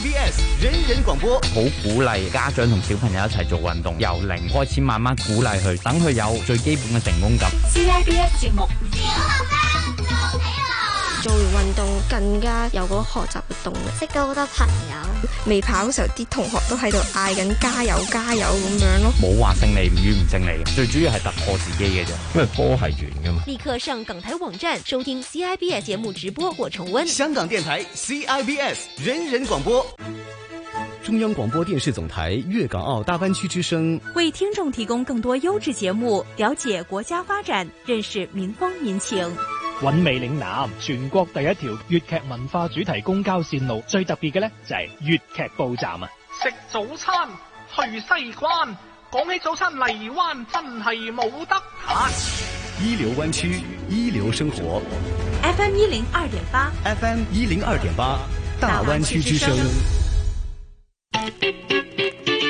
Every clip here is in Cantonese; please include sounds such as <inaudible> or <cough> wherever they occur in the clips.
CIBS 人人廣播好鼓勵家長同小朋友一齊做運動，由零開始慢慢鼓勵佢，等佢有最基本嘅成功感。CIBS 節目。更加有個學習嘅動力，識到好多朋友。未跑嗰時候，啲同學都喺度嗌緊加油、加油咁樣咯。冇話勝利與唔勝利，最主要係突破自己嘅啫。因為波係遠噶嘛。立刻上港台網站收聽 CIBS 節目直播或重溫。香港電台 CIBS 人人廣播，中央廣播電視總台粵港澳大灣區之聲，為聽眾提供更多優質節目，了解國家發展，認識民風民情。韻味嶺南，全國第一條粵劇文化主題公交線路，最特別嘅呢就係、是、粵劇報站啊！食早餐去西關，講起早餐荔灣真係冇得彈。一、啊、流灣區，一流生活。FM 一零二點八。FM 一零二點八，大灣區之聲。 <noise>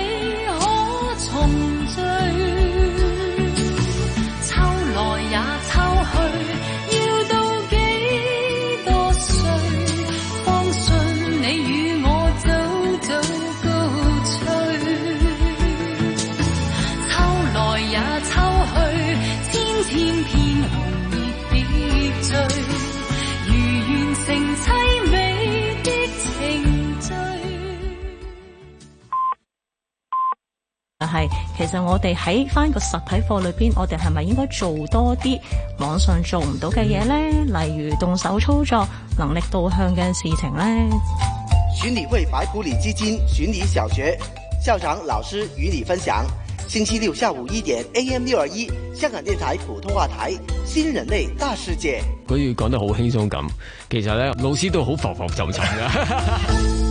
其實，我哋喺翻個實體課裏邊，我哋係咪應該做多啲網上做唔到嘅嘢呢？例如動手操作、能力導向嘅事情呢？循理會白普理基金循理小學校長老師與你分享，星期六下午一點 A. M. 六二一香港電台普通話台新人類大世界。佢以講得好輕鬆咁，其實咧老師都好浮浮就就。 <laughs>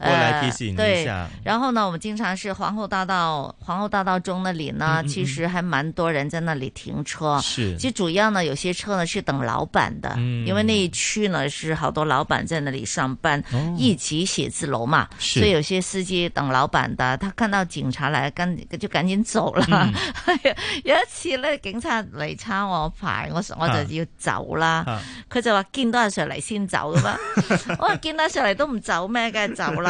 嗯、對，然後呢，我們經常是皇后大道皇后大道中那裡呢，嗯嗯嗯，其實還蠻多人在那裡停車。是。其實主要呢，有些車呢是等老闆的、嗯，因為那一區呢是好多老闆在那裡上班、哦，一級寫字樓嘛。是。所以有些司機等老闆的，他看到警察來，跟就趕緊走了。嗯、 <laughs> 有一次呢，警察嚟抄我牌，我我就要走啦。佢、啊啊、就話見到阿 Sir 嚟先走了吧 <laughs> 我話見到阿 Sir 嚟都唔走咩？梗係走啦。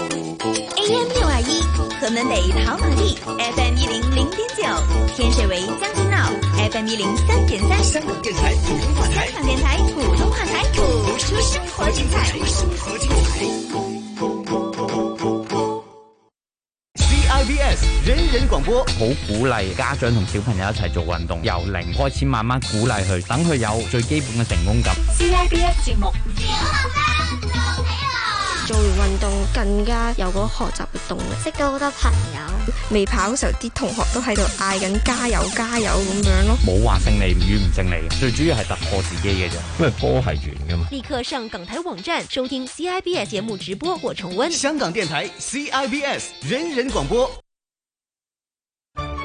AM 六二一，河門北陶馬地，FM 一零零點九，天水圍將軍澳，FM 一零三點三，香港電台普通話台，香港電台普通話台，播出生活精彩，生活精彩。C I B S 人人廣播，好鼓勵家長同小朋友一齊做運動，由零開始慢慢鼓勵佢，等佢有最基本嘅成功感。C I B S 節目，小學生都起。做完運動更加有個學習嘅動力，識到好多朋友。未跑嗰時候，啲同學都喺度嗌緊加油加油咁樣咯。冇話勝利與唔勝利嘅，最主要係突破自己嘅啫。因為波係圓噶嘛。立刻上港台網站收聽 CIBS 節目直播或重溫。香港電台 CIBS 人人廣播。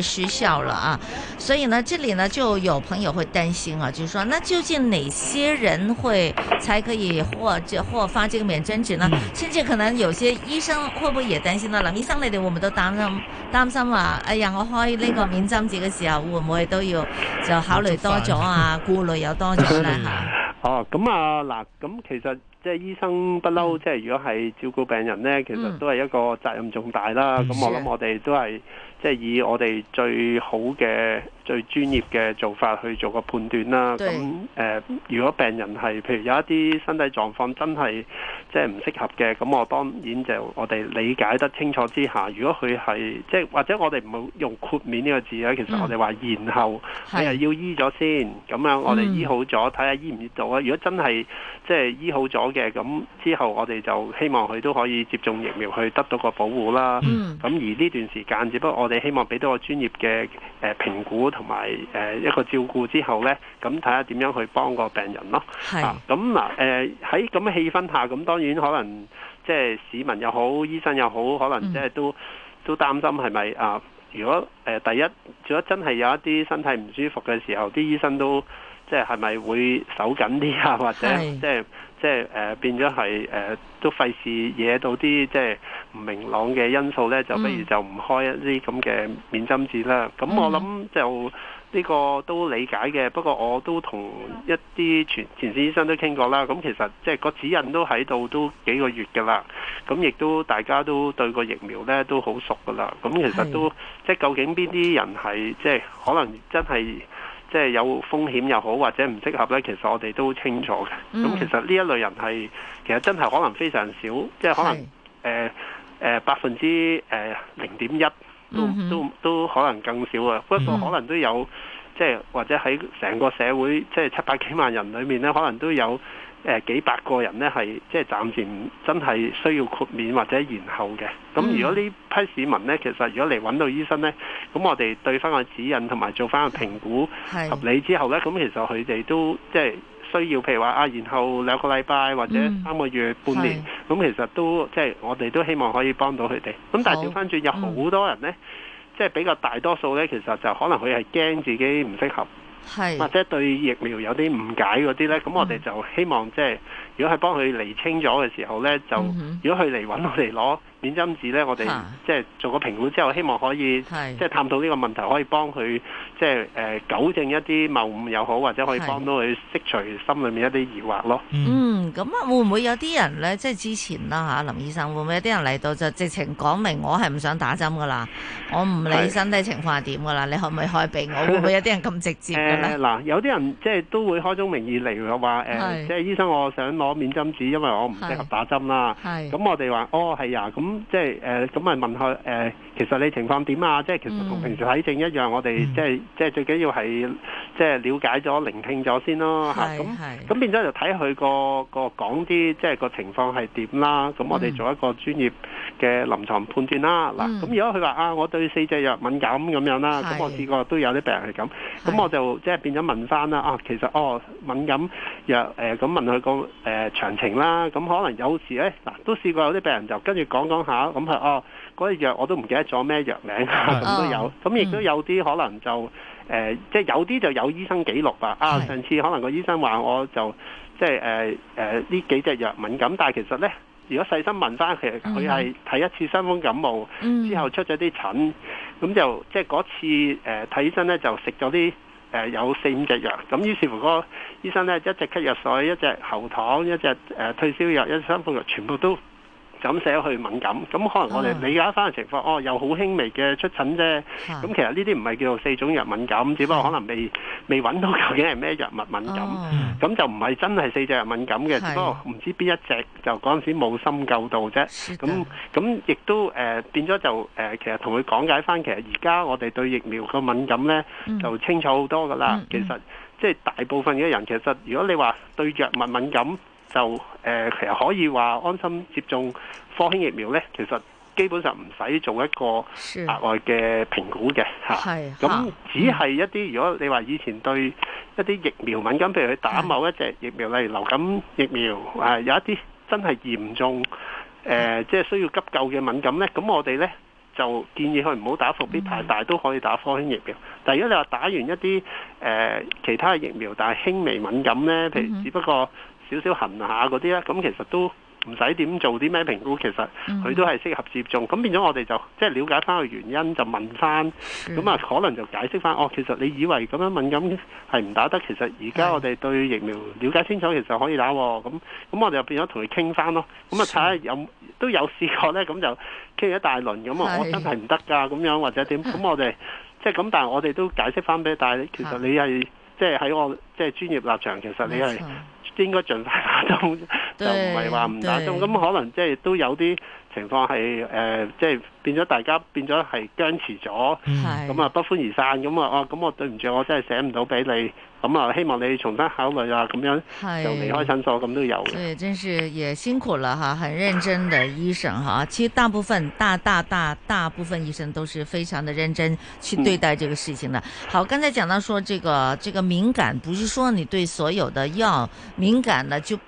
失效了啊，所以呢，這裏呢就有朋友會擔心啊，就是說，那究竟哪些人會才可以獲這獲發這個免針紙呢？甚至可能有些醫生會不會也擔心啦？醫生你哋會唔會都擔心擔心話，誒、哎，讓我開呢個免針紙嘅時候，會唔會都要就考慮多咗啊？顧慮有多咗呢、啊？ <laughs> <laughs> <laughs> <laughs> 啊」吓。哦、啊，咁啊嗱，咁其實即係醫生不嬲，即係如果係照顧病人呢，其實都係一個責任重大啦。咁、嗯、我諗我哋都係。即係以我哋最好嘅，最專業嘅做法去做個判斷啦。咁、呃、如果病人係譬如有一啲身體狀況真係即係唔適合嘅，咁我當然就我哋理解得清楚之下，如果佢係即係或者我哋唔好用豁免呢個字咧，其實我哋話然後，係、嗯哎、要醫咗先。咁樣我哋醫好咗，睇、嗯、下醫唔醫到啊。如果真係即係醫好咗嘅，咁之後我哋就希望佢都可以接種疫苗，去得到個保護啦。咁、嗯、而呢段時間，只不過我哋希望俾到個專業嘅誒、呃、評估。同埋誒一個照顧之後呢，咁睇下點樣去幫個病人咯。係。咁嗱喺咁嘅氣氛下，咁當然可能即係市民又好，醫生又好，可能即係都、嗯、都擔心係咪啊？如果、呃、第一，如果真係有一啲身體唔舒服嘅時候，啲醫生都即係係咪會手緊啲啊？或者即係。係。即係誒、呃、變咗係誒都費事惹到啲即係唔明朗嘅因素咧，就不如就唔開一啲咁嘅免針紙啦。咁、嗯、我諗就呢、呢個都理解嘅。不過我都同一啲全前線醫生都傾過啦。咁其實即係個指引都喺度都幾個月㗎啦。咁亦都大家都對個疫苗咧都好熟㗎啦。咁其實都即係究竟邊啲人係即係可能真係。即係有風險又好，或者唔適合呢，其實我哋都清楚嘅。咁、mm-hmm. 其實呢一類人係其實真係可能非常少，即係可能誒、呃呃、百分之誒零點一都、mm-hmm. 都都可能更少啊。不過可能都有，mm-hmm. 即係或者喺成個社會即係七百幾萬人裏面呢，可能都有。誒幾百個人呢，係即係暫時真係需要豁免或者延後嘅。咁如果呢批市民呢，嗯、其實如果嚟揾到醫生呢，咁我哋對翻個指引同埋做翻個評估合理之後呢，咁其實佢哋都即係需要，譬如話啊，延後兩個禮拜或者三個月半年，咁、嗯、其實都即係我哋都希望可以幫到佢哋。咁但係調翻轉有好多人呢，嗯、即係比較大多數呢，其實就可能佢係驚自己唔適合。或者對疫苗有啲誤解嗰啲呢，咁我哋就希望即係、嗯，如果係幫佢釐清咗嘅時候呢，就、嗯、如果佢嚟揾我哋攞免針紙咧，我哋即係做個評估之後，希望可以即係、啊就是、探討呢個問題，可以幫佢即係誒糾正一啲謬誤又好，或者可以幫到佢釋除心裏面一啲疑惑咯。嗯，咁啊，會唔會有啲人咧？即係之前啦嚇、啊，林醫生會唔會有啲人嚟到就直情講明我係唔想打針噶啦？我唔理身體情況係點噶啦，你可唔可以開俾我？會唔會有啲人咁直接噶咧？嗱、呃呃，有啲人即係都會開宗明義嚟話誒、呃，即係醫生，我想攞免針紙，因為我唔適合打針啦。係咁，我哋話哦，係呀，咁。咁即係咁咪問佢、呃、其實你情況點啊？即係其實同平時睇症一樣，嗯、我哋即係、嗯、即係最緊要係即係了解咗、聆聽咗先咯。咁咁變咗就睇佢、個個講啲，即係、個情況係點啦。咁我哋做一個專業嘅臨床判斷啦。嗱、嗯，咁如果佢話啊，我對四隻藥敏感咁樣啦，咁我試過都有啲病人係咁。咁我就即係變咗問翻啦。啊，其實哦，敏感藥咁、呃、問佢、個誒、呃、詳情啦。咁可能有時呢，嗱、欸，都試過有啲病人就跟住講講，講。咁、啊、係哦，嗰隻藥我都唔記得咗咩藥名咁、啊、都有，咁亦都有啲可能就、嗯呃、即係有啲就有醫生記錄吧。啊，上次可能個醫生話我就即係呢、呃呃、幾隻藥敏感，但其實呢，如果細心問翻，其實佢係睇一次傷風感冒、嗯、之後出咗啲疹，咁就即係嗰次睇、呃、醫生呢，就食咗啲有四五隻藥，咁於是乎個醫生呢，一隻咳藥水，一隻喉糖，一隻、呃、退燒藥，一隻傷風藥，全部都。咁寫去敏感，咁可能我哋理解翻嘅情況，哦，又好輕微嘅出疹啫。咁其實呢啲唔係叫做四種藥敏感，只不過可能未未揾到究竟係咩藥物敏感。咁就唔係真係四隻藥敏感嘅，只不過唔知邊一隻就嗰陣時冇深究到啫。咁咁亦都誒變咗就誒，其實同佢講解翻，其實而家我哋對疫苗個敏感咧，就清楚好多噶啦。其實即係大部分嘅人，其實如果你話對藥物敏感。就誒其實可以話安心接種科興疫苗咧，其實基本上唔使做一個額外嘅評估嘅嚇。咁只係一啲如果你話以前對一啲疫苗敏感，譬如佢打某一隻疫苗，例如流感疫苗，啊有一啲真係嚴重誒，即係需要急救嘅敏感咧。咁我哋咧就建議佢唔好打復必泰，但，都可以打科興疫苗。但如果你話打完一啲誒其他嘅疫苗，但係輕微敏感咧，譬如只不過，少少痕下嗰啲咧，咁其實都唔使點做啲咩評估，其實佢都係適合接種，咁變咗我哋就即係了解翻個原因，就問翻咁啊，可能就解釋翻哦。其實你以為咁樣敏感係唔打得，其實而家我哋對疫苗了解清楚，其實可以打喎、哦。咁咁我哋變咗同佢傾翻咯。咁啊，睇下有都有試過咧，咁就傾一大輪咁啊。我真係唔得㗎。咁樣或者點咁？我哋 <laughs> 即係咁，但係我哋都解釋翻俾。但係其實你係即係喺我即係專業立場，其實你係。應該盡快打針，就唔係話唔打針。咁可能即係都有啲情況係、呃、誒，即係。變咗大家變咗係僵持咗，咁啊不歡而散，咁啊哦，咁我對唔住，我真係寫唔到俾你，咁啊希望你重新考慮啦，咁樣就離開診所，咁都有嘅。對，真是也辛苦了哈，很認真的醫生哈，其實大部分大大大大部分醫生都是非常的認真去對待這個事情的。好，剛才講到說這個這個敏感，不是說你對所有的藥敏感，呢就。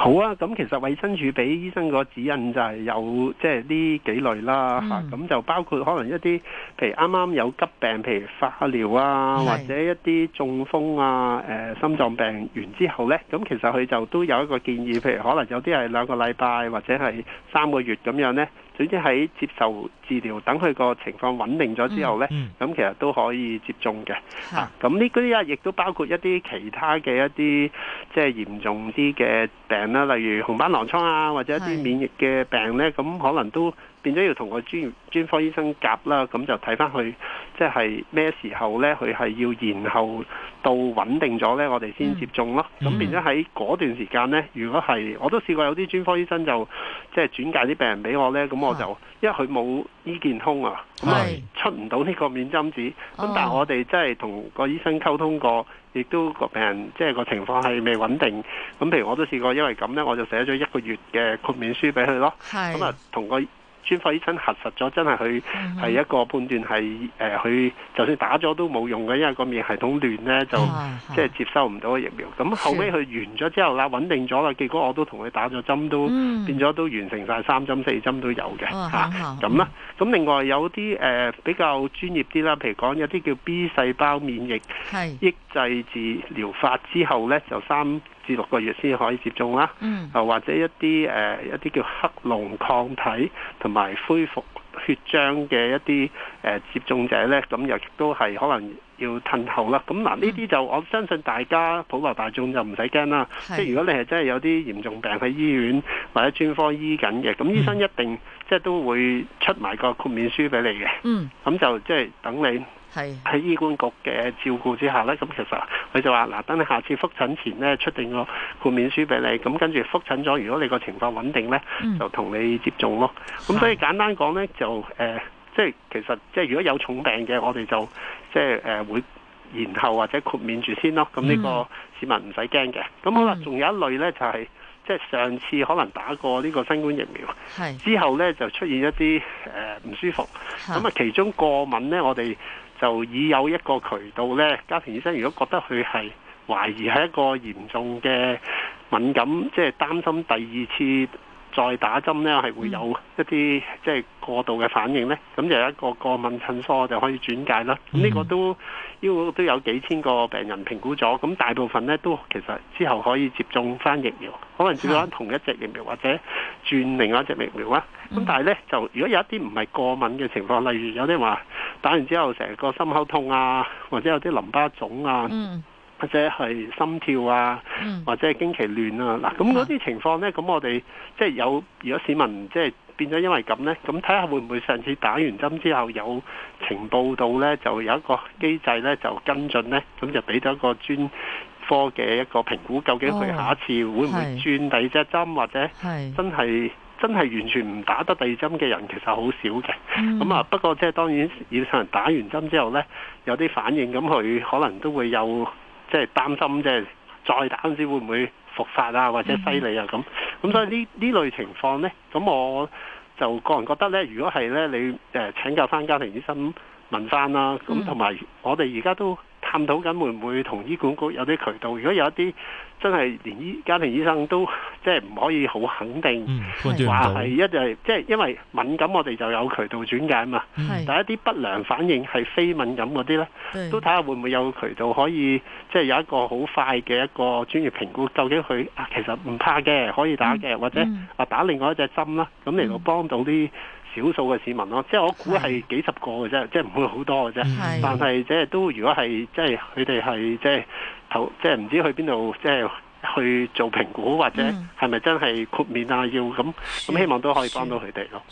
好啊，咁其實衞生署俾醫生個指引就係有即係呢幾類啦吓咁、mm. 啊、就包括可能一啲譬如啱啱有急病，譬如化療啊，mm. 或者一啲中風啊，呃、心臟病完之後呢。咁其實佢就都有一個建議，譬如可能有啲係兩個禮拜，或者係三個月咁樣呢。總之喺接受治療，等佢個情況穩定咗之後呢，咁、嗯嗯、其實都可以接種嘅嚇。咁呢啲啊，亦都包括一啲其他嘅一啲即係嚴重啲嘅病啦，例如紅斑狼瘡啊，或者一啲免疫嘅病呢，咁可能都。變咗要同個專專科醫生夾啦，咁就睇翻佢，即係咩時候呢？佢係要延後到穩定咗呢？我哋先接種咯。咁、嗯、變咗喺嗰段時間呢，如果係我都試過有啲專科醫生就即係轉介啲病人俾我呢。咁我就、啊、因為佢冇醫健通啊，咁咪出唔到呢個免針紙。咁、啊、但係我哋即係同個醫生溝通過，亦都個病人即係個情況係未穩定。咁譬如我都試過，因為咁呢，我就寫咗一個月嘅豁免書俾佢咯。咁啊，同個。專科醫生核實咗，真係佢係一個判斷係、呃、佢就算打咗都冇用嘅，因為個免疫系統亂咧，就即係接收唔到疫苗。咁後尾佢完咗之後啦，穩定咗啦，結果我都同佢打咗針，都變咗都完成晒。三針四針都有嘅嚇咁啦，咁、哦啊嗯、另外有啲、呃、比較專業啲啦，譬如講有啲叫 B 細胞免疫抑制治療法之後咧，就三至六個月先可以接種啦，啊、嗯、或者一啲誒、呃、一啲叫克隆抗體同埋恢復血漿嘅一啲誒、呃、接種者呢，咁又都係可能要褪後啦。咁嗱呢啲就、嗯、我相信大家普羅大眾就唔使驚啦。即係如果你係真係有啲嚴重病喺醫院或者專科醫緊嘅，咁醫生一定、嗯、即係都會出埋個豁免書俾你嘅。嗯，咁就即係等你。喺醫管局嘅照顧之下呢，咁其實佢就話：嗱，等你下次復診前呢，出定個豁免書俾你。咁跟住復診咗，如果你個情況穩定呢，嗯、就同你接種咯。咁所以簡單講呢，就誒，即、呃、係其實即係如果有重病嘅，我哋就即係誒會延後或者豁免住先咯。咁呢個市民唔使驚嘅。咁、嗯、好啦，仲、嗯、有一類呢，就係即係上次可能打過呢個新冠疫苗，之後呢，就出現一啲誒唔舒服。咁啊，其中過敏呢，我哋就已有一個渠道呢，家庭醫生如果覺得佢係懷疑係一個嚴重嘅敏感，即係擔心第二次，再打針呢，係會有一啲即係過度嘅反應呢。咁就有一個過敏診所就可以轉介啦。呢個都呢、呢個、都有幾千個病人評估咗，咁大部分呢，都其實之後可以接種翻疫苗，可能接翻同一隻疫苗或者轉另外一隻疫苗啦。咁但係呢，就如果有一啲唔係過敏嘅情況，例如有啲話打完之後成個心口痛啊，或者有啲淋巴腫啊。嗯或者係心跳啊，或者係經期亂啊，嗱咁嗰啲情況呢，咁我哋即係有如果市民即係變咗因為咁呢，咁睇下會唔會上次打完針之後有呈報到呢？就有一個機制呢，就跟進呢，咁就俾咗一個專科嘅一個評估，究竟佢下一次會唔會轉第二隻針，哦，或者係真係真係完全唔打得第二針嘅人其實好少嘅。咁、嗯、啊，不過即係當然，有啲人打完針之後呢，有啲反應，咁佢可能都會有。即係擔心啫，再打嗰陣時會唔會復發啊，或者犀利啊咁。咁，嗯，所以呢呢類情況呢，咁我就個人覺得呢，如果係呢，你誒請教翻家庭醫生。問翻啦，咁同埋我哋而家都探討緊會唔會同醫管局有啲渠道，如果有啲真係連醫家庭醫生都即係唔可以好肯定，話、嗯、係一就係即係因為敏感，我哋就有渠道轉介嘛。嗯、但係一啲不良反應係非敏感嗰啲咧，都睇下會唔會有渠道可以即係有一個好快嘅一個專業評估，究竟佢、啊、其實唔怕嘅，可以打嘅、嗯，或者啊、嗯、打另外一隻針啦，咁嚟到幫到啲。嗯少數嘅市民咯，即係我估係幾十個嘅啫，即係唔會好多嘅啫。但係即係都如果係即係佢哋係即係投，即係唔知去邊度，即係去，去做評估或者係咪真係豁免啊？要咁咁，希望都可以幫到佢哋咯。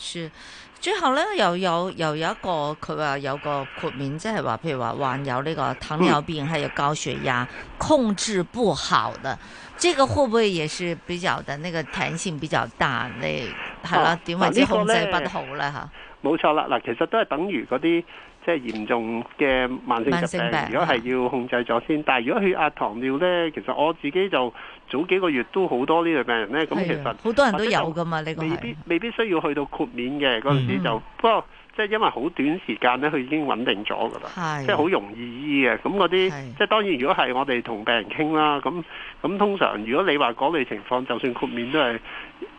最後咧，又有又有，有一個佢話有個豁免，即係話譬如話患有呢個糖尿病係有高血壓控制不好嘅，嗯，這個會唔會也是比較的那個彈性比較大？你，啊、係啦，點為之控制不好咧？吓，啊、冇，啊這個，錯啦嗱，其實都係等於嗰啲。即係嚴重嘅慢性疾病，病如果係要控制咗先、啊。但係如果血壓、糖尿呢，其實我自己就早幾個月都好多呢類病人呢。咁、啊、其實好多人都有噶嘛，你個未必、啊、未必需要去到豁免嘅嗰啲，啊那個、時就不過即係因為好短時間呢，佢已經穩定咗噶啦，即係好容易醫嘅。咁嗰啲即係當然，如果係我哋同病人傾啦，咁咁通常，如果你話嗰類情況，就算豁免都係。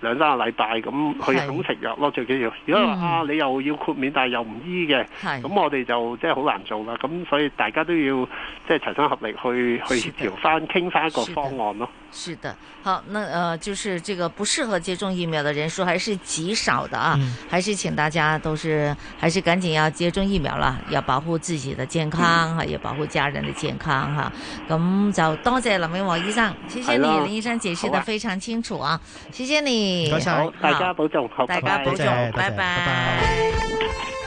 兩三個禮拜咁去補食藥咯，最緊要如果啊你又要豁免但係又唔醫嘅，咁我哋就即係好難做啦。咁所以大家都要即係齊心合力去去調翻，傾翻一個方案咯。是的，好，那呃，就是這個不適合接種疫苗的人數還是極少的啊，還是請大家都是還是趕緊要接種疫苗啦，要保護自己的健康，也保護家人的健康吓、啊。咁就多謝林永和醫生，謝謝你林醫生解釋得非常清楚啊，啊謝謝。好，好，大家保重，好好大家保重，好拜拜保重，拜拜。拜拜拜拜。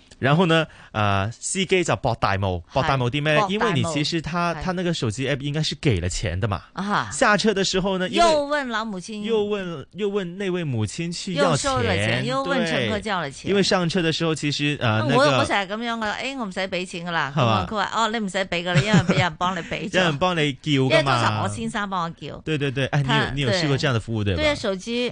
然後呢，呃，司機叫博大霧，博大霧啲咩？因為你其實他他那個手機 app 應該是給了錢的嘛。啊哈。下車的時候呢，又問老母親，又問又問那位母親去要錢又收了錢，又問乘客交了錢。因為上車的時候其實呃那個，我我成日係咁樣噶，誒，我唔使俾錢噶啦，係嘛？佢話哦，你唔使俾噶，你因為有人幫你俾，有 <laughs> 人幫你叫噶嘛。因為當時我先生幫我叫。對對對，哎，你有你，有你有試過這樣的服務對嗎？對，對手機。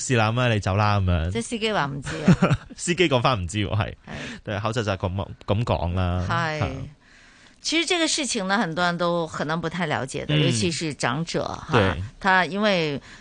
試啦咩？你走啦咁樣。即係司機話唔知，啊，司機講翻唔知係，但係口罩就係咁咁講啦。係，其實這個事情呢，很多人都可能不太了解的、嗯，尤其是長者哈。他因為。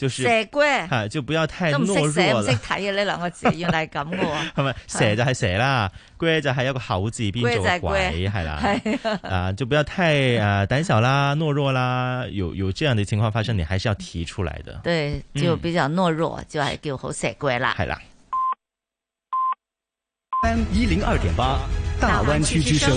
就是、蛇鬼，係、啊、就不要太懦弱了，唔識睇嘅呢兩個字， <laughs> 原嚟係咁嘅喎。係咪 <laughs> 蛇就係蛇啦，鬼就係一個猴子邊做鬼，鬼。係啦。 <laughs> 啊，就不要太啊膽小啦，懦弱啦，有有這、嗯、有這樣的情況發生，你還是要提出來的。對，嗯、就比較懦弱，就係、是、叫好蛇鬼啦。係啦。M 一零二點八大灣區之聲。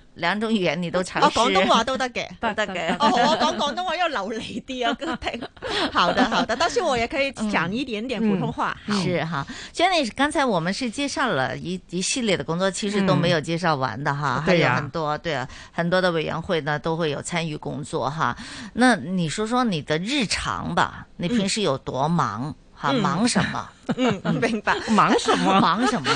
兩種語言你都嘗試，我、哦、廣東話都得嘅，都 <laughs> 得嘅給、 <laughs> 哦。哦，我講廣東話要流利啲啊，跟佢聽。好的，好的。到時我也可以講一點點普通話。嗯嗯、好是哈，Jane 女士，剛才我們是介紹了一一系列的工作，其實都沒有介紹完的哈。嗯、還有很多對啊，對啊，很多的委員會呢都會有參與工作哈。那你說說你的日常吧，你平時有多忙？嗯、哈，忙什麼嗯嗯？嗯，明白。忙什麼？ <laughs> 忙什麼？ <laughs>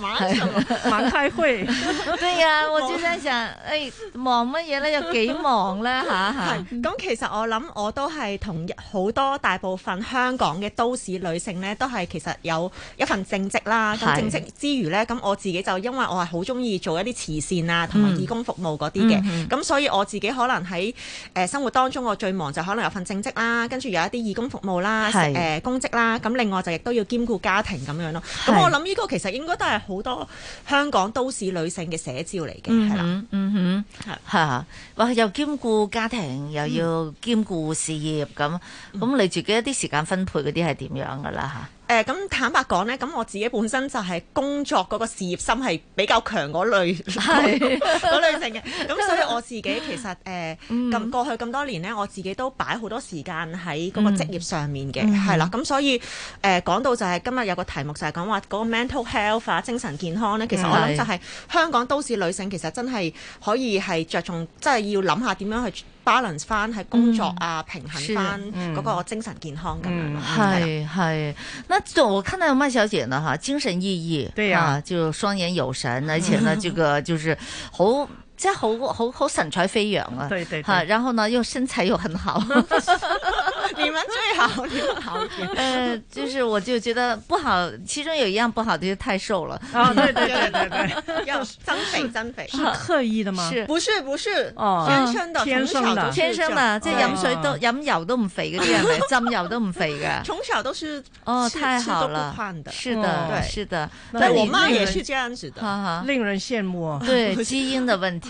晚曬，忙曬灰， <laughs> 啊！我之前成誒忙乜嘢咧？有幾忙咧？咁 <laughs> 其實我諗，我都係同好多大部分香港嘅都市女性咧，都係其實有一份正職啦。咁正職之餘咧，咁我自己就因為我係好中意做一啲慈善啊，同埋義工服務嗰啲嘅。咁、嗯嗯嗯、所以我自己可能喺誒生活當中，我最忙就可能有份正職啦，跟住有一啲義工服務啦，呃、公職啦。咁另外就亦都要兼顧家庭咁樣咯。咁我諗呢個其實應該都係好多香港都市女性嘅寫照嚟嘅。係啦，嗯哼，係吓，哇、嗯！又兼顧家庭，又要兼顧事業，咁、嗯、咁你自己一啲時間分配嗰啲係點樣噶啦吓？咁坦白講呢咁我自己本身就係工作嗰個事業心係比較強嗰類嗰類型嘅，咁 <laughs> 所以我自己其實誒咁、 <laughs> 呃、過去咁多年呢，我自己都擺好多時間喺嗰個職業上面嘅，係、嗯、啦，咁所以誒講、呃、到就係、是、今日有個題目就係講話嗰個 mental health 精神健康呢其實我諗就係香港都市女性其實真係可以係着重，即、就、係、是、要諗下點樣去，balance 翻喺工作啊、嗯，平衡翻嗰個精神健康咁樣咯，係係、嗯。那做、個，嗯、那我睇到麥小姐呢哈精神奕奕，對呀、啊啊，就雙眼有神， <laughs> 而且呢，這個就是好。真好好好神采飛揚啊，對對對！哈，然後呢又身材又很好， <laughs> <laughs> 你們最好，你好啲、 <laughs> 呃。就是我就覺得不好，其中有一樣不好的就太瘦了。 <laughs> 哦，對對對對對。要增肥增肥， <laughs> 是刻意的嗎？是，不是不是，天、哦、生的，天生的，天生的，這飲水都飲油都唔肥嘅啲人嚟，浸油都唔肥嘅。從小都是 <laughs> 都哦，太好了，是的，是的，那你。但我媽也是這樣子的，嗯、 <laughs> 令人羨慕、啊。 <laughs> 對。基因的問題。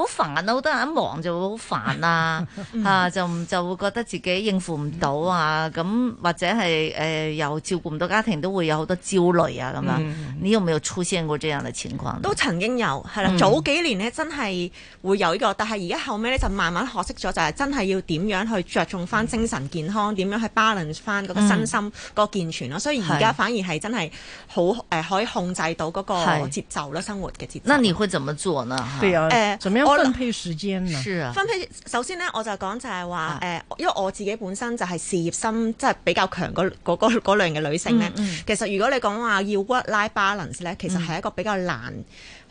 好煩，煩啊，好多人一忙就會好煩啊，啊就就會覺得自己應付唔到啊，咁、啊、或者係誒、呃、又照顧唔到家庭，都會有好多焦慮啊咁樣、啊嗯。你有冇有出現過這樣嘅情況？都曾經有，係啦、嗯。早幾年咧真係會有呢、這個，但係而家後尾咧就慢慢學識咗，就係真係要點樣去着重翻精神健康，點、嗯、樣去 balance 翻嗰個身心個健全咯、嗯。所以而家反而係真係好誒、呃，可以控制到嗰個節奏啦，生活嘅節奏。那你會怎麼做呢？分配時間啊！分配首先咧，我就講就係話，誒、啊，因為我自己本身就係事業心即係比較強嗰嗰嗰嗰類型嘅女性咧、嗯嗯。其實如果你講話要 work-life balance 咧、嗯，其實係一個比較難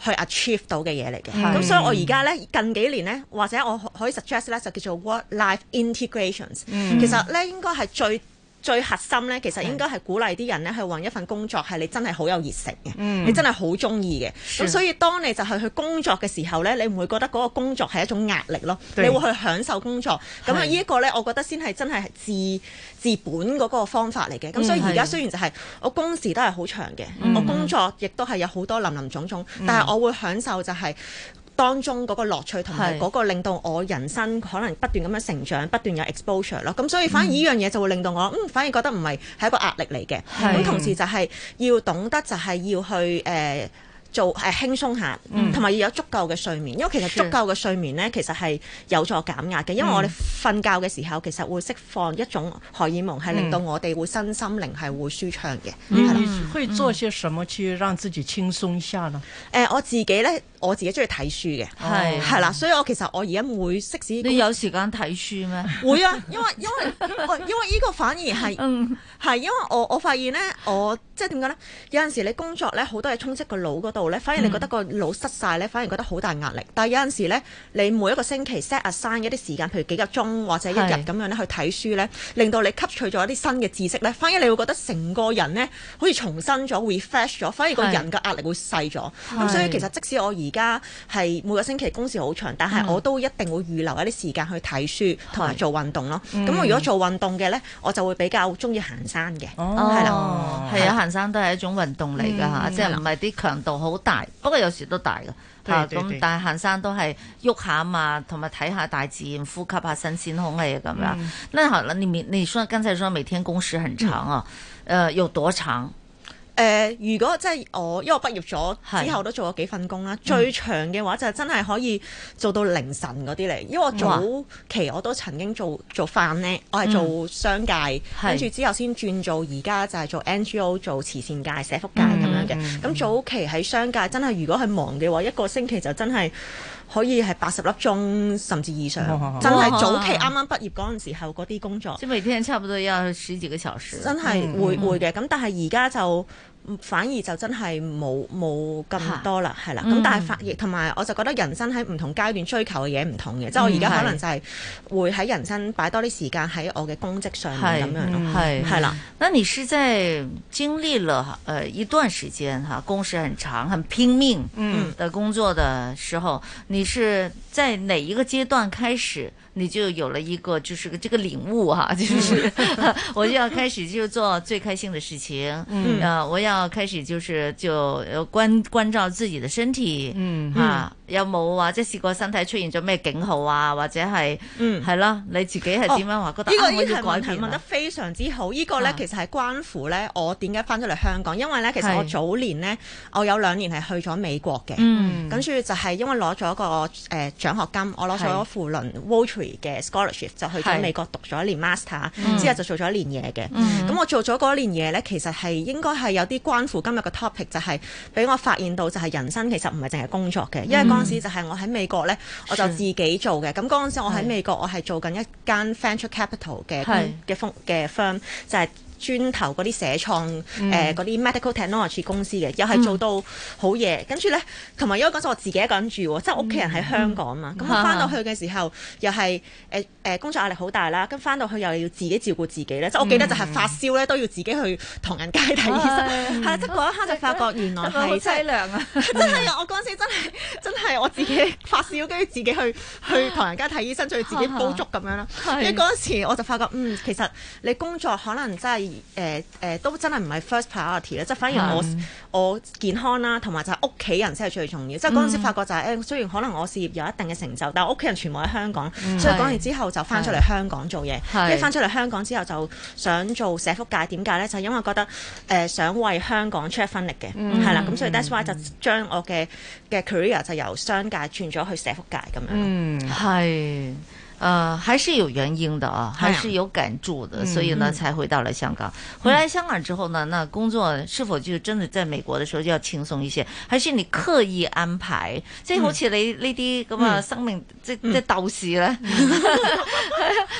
去 achieve 到嘅嘢嚟嘅。咁、嗯、所以我而家咧近幾年咧，或者我可以 suggest 咧就叫做 work-life integrations、嗯。其實咧應該係最。最核心咧，其實應該係鼓勵啲人咧，去揾一份工作係你真係好有熱誠嘅、嗯，你真係好中意嘅。咁所以當你就係去工作嘅時候咧，你唔會覺得嗰個工作係一種壓力咯，你會去享受工作。咁啊，呢一個咧，我覺得先係真係治治本嗰個方法嚟嘅。咁、嗯、所以而家雖然就係我工時都係好長嘅、嗯，我工作亦都係有好多林林總總，但係我會享受就係、是。當中嗰個樂趣同埋嗰個令到我人生可能不斷咁樣成長，不斷有 exposure 咯，咁所以反而呢樣嘢就會令到我，嗯，反而覺得唔係係一個壓力嚟嘅。咁同時就係要懂得，就係要去，呃做誒、啊、輕鬆下，同、嗯、埋要有足夠嘅睡眠，因為其實足夠嘅睡眠咧，其實係有助減壓嘅。因為我哋瞓覺嘅時候、嗯，其實會釋放一種荷爾蒙，係令到我哋會身心靈係會舒暢嘅、嗯。你會做些什麼去讓自己輕鬆一下咧？誒、嗯嗯呃，我自己咧，我自己中意睇書嘅，係係啦，所以我其實我而家會，即使你有時間睇書咩？ <laughs> 會啊，因為因為因為呢個反而係係、 <laughs> 嗯啊、因為我我發現咧，我即係點講咧？有陣時候你工作咧好多嘢充斥個腦反而你覺得個腦塞晒，咧、嗯，反而覺得好大壓力。但係有陣時咧，你每一個星期 set aside 一啲時間，譬如幾個鐘或者一日咁樣咧去睇書咧，令到你吸取咗一啲新嘅知識咧，反而你會覺得成個人咧好似重生咗、refresh 咗，反而個人嘅壓力會細咗。咁所以其實即使我而家係每個星期工時好長，但係我都一定會預留一啲時間去睇書同埋做運動咯。咁、嗯、我如果做運動嘅咧，我就會比較中意行山嘅，係、哦、啦，係啊、哦，行山都係一種運動嚟㗎嚇，即係唔係啲強度好。好大，不過有時都大㗎、啊、吓，咁、啊、但係行山都係喐下啊嘛，同埋睇下大自然，呼吸下新鮮空氣咁樣、嗯。那好了，你你說剛才說每天工時很長啊，誒、嗯呃，有多長？誒、呃，如果即係我，因為我畢業咗之後都做咗幾份工啦、嗯。最長嘅話就真係可以做到凌晨嗰啲嚟，因為我早期我都曾經做做飯呢。我係做商界，跟、嗯、住之後先轉做而家就係做 NGO 做慈善界、社福界咁樣嘅。咁、嗯、早期喺商界真係如果係忙嘅話、嗯，一個星期就真係可以係八十粒鐘甚至以上，好好真係早期啱啱畢業嗰陣時候嗰啲工作。即係每天差唔多有十幾個小時。真係會、嗯、會嘅，咁但係而家就。反而就真係冇冇咁多啦，係、啊、啦。咁但係發亦同埋，我就覺得人生喺唔同階段追求嘅嘢唔同嘅。即、嗯、係、就是、我而家可能就係會喺人生擺多啲時間喺我嘅公職上面咁樣咯。係係啦。那你是在經歷了誒、呃、一段時間哈，工時很長，很拼命，嗯，嘅工作的時候、嗯，你是在哪一個階段開始？你就有了一個，就是個這個領悟哈、啊，就是 <laughs> <laughs> 我就要開始就做最開心的事情，啊、嗯呃，我要開始就是就要關關照自己的身體，嗯，吓、啊嗯、有冇話即係試過身體出現咗咩警號啊，或者係，嗯，係啦，你自己係點樣話、啊哦？覺得啱、啊、要、這個、改變？呢、這個係、這個、問，問得非常之好，這個、呢個咧、啊、其實係關乎咧我點解翻咗嚟香港，啊、因為咧其實我早年咧我有兩年係去咗美國嘅，嗯，跟住就係因為攞咗個誒獎、呃、學金，我攞咗個扶輪 voluntary 嘅 scholarship 就去咗美國讀咗一年 master，之後就做咗一年嘢嘅。咁、嗯、我做咗嗰一年嘢咧，其實係應該係有啲關乎今日嘅 topic，就係俾我發現到就係人生其實唔係淨係工作嘅、嗯。因為嗰陣時就係我喺美國咧，我就自己做嘅。咁嗰陣時我喺美國，我係做緊一間 venture capital 嘅嘅嘅 firm，就係、是。專投嗰啲社創誒嗰啲 medical technology 公司嘅，又係做到好嘢。跟住咧，同埋因為嗰陣我自己一個人住，即係屋企人喺香港嘛。咁、嗯嗯、我翻到去嘅時候，嗯呃、又係誒誒工作壓力好大啦。跟翻到去又要自己照顧自己咧，即、嗯、係、嗯、我記得就係發燒咧都要自己去唐人街睇醫生。係、哎、啊，即嗰、就是、一刻就發覺原來係真係好淒涼啊！ <laughs> 真係啊！我嗰陣時真係真係我自己發燒，跟住自己去去唐人街睇醫生，就、啊、要自己煲粥咁樣啦。因為嗰陣時我就發覺，嗯，其實你工作可能真係～誒、呃、誒、呃、都真係唔係 first priority 咧，即係反而我我健康啦，同埋就係屋企人先係最重要的、嗯。即係嗰陣時發覺就係、是、誒，雖然可能我事業有一定嘅成就，但係屋企人全部喺香港，嗯、所以講完之後就翻出嚟香港做嘢。跟住翻出嚟香港之後就想做社福界，點解咧？就係、是、因為覺得誒、呃、想為香港出一分力嘅，係、嗯、啦。咁所以 that's why 就將我嘅嘅 career 就由商界轉咗去社福界咁樣。嗯，係。呃，還是有原因的啊，還是有感觸的。啊、所以呢、嗯，才回到了香港，嗯。回來香港之後呢，那工作是否就真的在美國的時候就要輕鬆一些，嗯？還是你刻意安排？嗯、即係好似你這這的，嗯嗯、呢啲咁，嗯、 <laughs> <laughs> 啊，生命即即鬥士呢，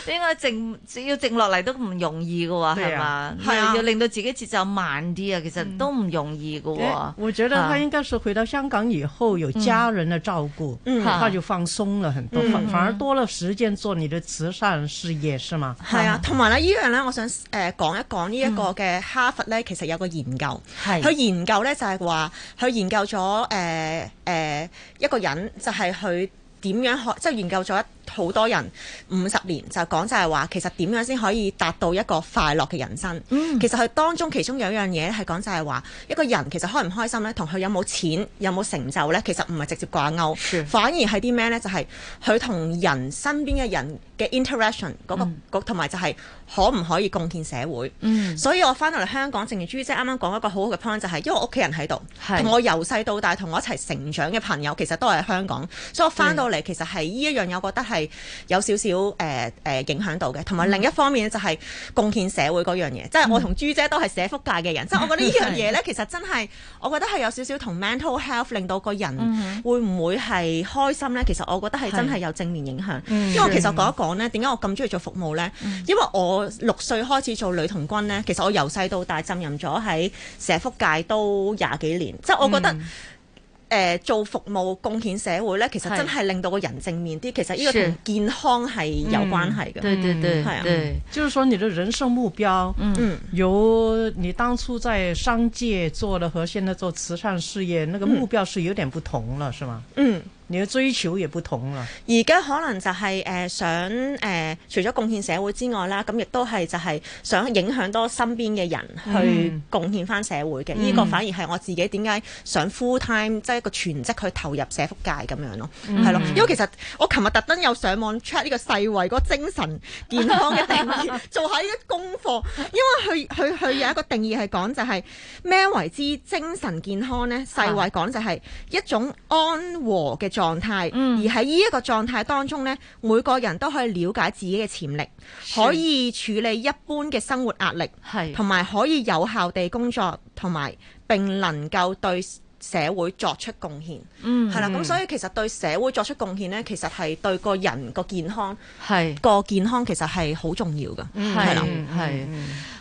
應該靜要靜落嚟都唔容易噶，係嘛、啊？係要令到自己節奏慢啲啊，其實都唔容易噶。我覺得他應該是回到香港以後，嗯，有家人的照顧，嗯，他就放鬆了很多，反，嗯嗯、反而多了時間。做你嘅慈善事業是嗎？係啊，同埋咧，呢樣咧，我想誒講、呃、一講呢一個嘅哈佛咧，其實有個研究，係、嗯、佢研究咧就係話佢研究咗誒誒一個人，就係佢點樣學，即、就、係、是、研究咗一。好多人五十年就講就係話其實點樣先可以達到一個快樂嘅人生？Mm. 其實佢當中其中有一樣嘢係講就係話一個人其實開唔開心咧，同佢有冇錢有冇成就咧，其實唔係直接掛鈎，sure. 反而係啲咩咧？就係佢同人身邊嘅人嘅 interaction、嗰個同埋就係可唔可以共建社會。Mm. 所以我翻到嚟香港，正如朱姐啱啱講一個很好好嘅 point，就係、是、因為我屋企人喺度，我由細到大同我一齊成長嘅朋友，其實都係香港，所以我翻到嚟、mm. 其實係呢一樣，我覺得係。係有少少、呃呃、影響到嘅，同埋另一方面就係貢獻社會嗰樣嘢、嗯，即係我同朱姐都係社福界嘅人，嗯、即係我覺得這呢樣嘢咧，其實真係我覺得係有少少同 mental health 令到個人會唔會係開心咧？其實我覺得係真係有正面影響。嗯、因為我其實講一講咧，點解我咁鍾意做服務咧、嗯？因為我六歲開始做女童軍咧，其實我由細到大浸淫咗喺社福界都廿幾年，嗯、即係我覺得。誒、呃，做服務貢獻社會咧，其實真係令到個人正面啲。其實呢個同健康係有關係嘅、嗯。對對對，係啊，對。就是說，你的人生目標，嗯，由你當初在商界做嘅，和現在做慈善事業，那個目標是有點不同了，嗯、是嗎？嗯。你要追求亦不同啦、啊。而家可能就係誒想誒、呃、除咗貢獻社會之外啦，咁亦都係就係想影響多身邊嘅人去貢獻翻社會嘅。呢、嗯呢個反而係我自己點解想 full time 即係一個全職去投入社福界咁樣咯。係、嗯、咯。因為其實我琴日特登有上網 check 呢個世衛個精神健康嘅定義 <laughs> 做下呢啲功課，因為佢佢佢有一個定義係講就係、是、咩為之精神健康咧？世衛講就係一種安和嘅。狀態，而喺呢一個狀態當中呢，每個人都可以了解自己嘅潛力，可以處理一般嘅生活壓力，係，同埋可以有效地工作，同埋並能夠對社會作出貢獻。嗯，係啦，咁所以其實對社會作出貢獻呢，其實係對個人個健康係個健康其實係好重要㗎，係啦，係。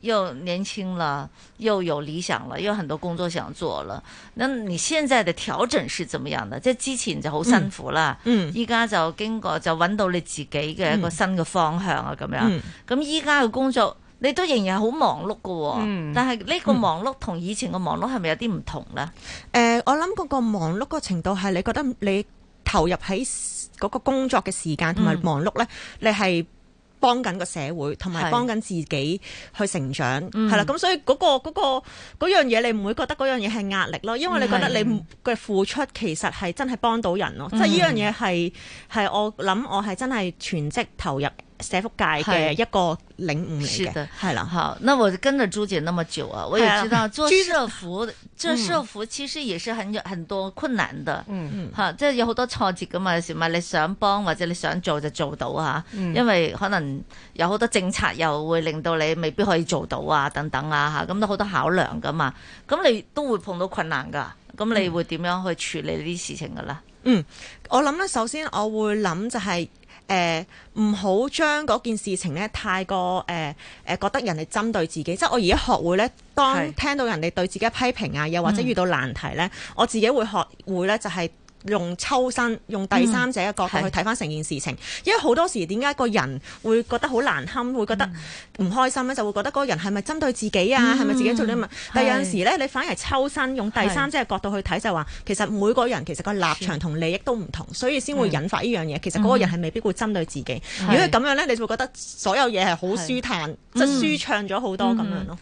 又年輕了，又有理想了，又有很多工作想做了。那你現在的調整是怎麼樣的？即之前就很辛苦了、嗯嗯、現在好辛苦啦，依家就經過就揾到你自己嘅一個新嘅方向啊，咁、嗯、樣。咁依家嘅工作你都仍然好忙碌㗎、哦嗯，但係呢個忙碌同以前嘅忙碌係咪有啲唔同呢？誒、呃，我諗嗰個忙碌個程度係你覺得你投入喺嗰個工作嘅時間同埋忙碌咧、嗯，你係。幫緊個社會同埋幫緊自己去成長，係啦，咁所以嗰個嗰個嗰樣嘢，你唔會覺得嗰樣嘢係壓力咯，因為你覺得你嘅付出其實係真係幫到人咯，即係呢樣嘢係係我諗我係真係全職投入。社福界嘅一個領悟嚟嘅，係啦吓。那我跟住朱姐那麼久啊，我也知道做社福，的做社福、嗯、其實也是很有很多困難的。嗯嗯、吓、嗯、即係、啊、有好多挫折噶嘛。有時唔係你想幫或者你想做就做到吓、啊，因為可能有好多政策又會令到你未必可以做到啊，等等啊吓，咁都好多考量噶嘛。咁你都會碰到困難噶，咁、啊嗯嗯、你會點樣去處理呢啲事情噶啦？嗯，我諗咧，首先我會諗就係、是。誒，唔好將嗰件事情咧太過誒誒、呃呃、覺得人哋針對自己，即係我而家學會咧，當聽到人哋對自己嘅批評啊，又或者遇到難題咧、嗯，我自己會學會咧就係、是。用抽身，用第三者嘅角度去睇翻成件事情，嗯、因為好多時點解個人會覺得好難堪、嗯，會覺得唔開心咧，就會覺得嗰個人係咪針對自己啊？係、嗯、咪自己做啲乜？但有陣時咧，你反而抽身用第三者嘅角度去睇，就話其實每個人其實個立場同利益都唔同，所以先會引發呢樣嘢。其實嗰個人係未必會針對自己。如果係咁樣咧，你就會覺得所有嘢係好舒坦，即係、就是、舒暢咗好多咁、嗯嗯、樣咯。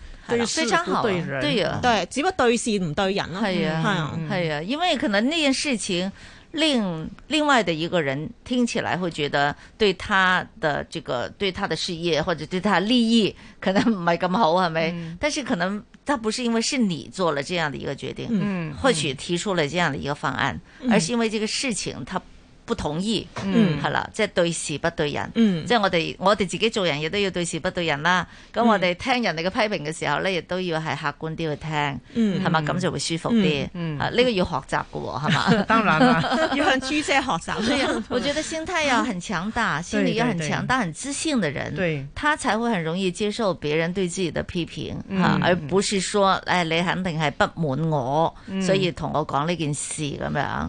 非常好、啊對，對啊，對，只不過對事唔對人咯。係啊，係、嗯、啊，啊，因為可能呢件事情，另另外的一個人聽起來會覺得對他的這個對他的事業或者對他利益可能唔係咁好，係、嗯、咪？但是可能他不是因為是你做了這樣的一個決定，嗯，或許提出了這樣的一個方案，嗯、而是因為這個事情他。嗯不同意，係、嗯、啦，即係、就是、對事不對人，即、嗯、係我哋我哋自己做人亦都要對事不對人啦。咁、嗯、我哋聽人哋嘅批評嘅時候咧，亦都要係客觀啲去聽，係、嗯、嘛？咁、嗯、就會舒服啲。呢、嗯嗯啊這個要學習嘅喎，係嘛？當然啦、啊， <laughs> 要向朱姐學習。 <laughs> 我覺得心態要很強大， <laughs> 心理要很強大，很自信嘅人對對對對，他才會很容易接受別人對自己的批評，嗯、啊，而不是說，誒、哎，你肯定係不滿我，嗯、所以同我講呢件事咁樣。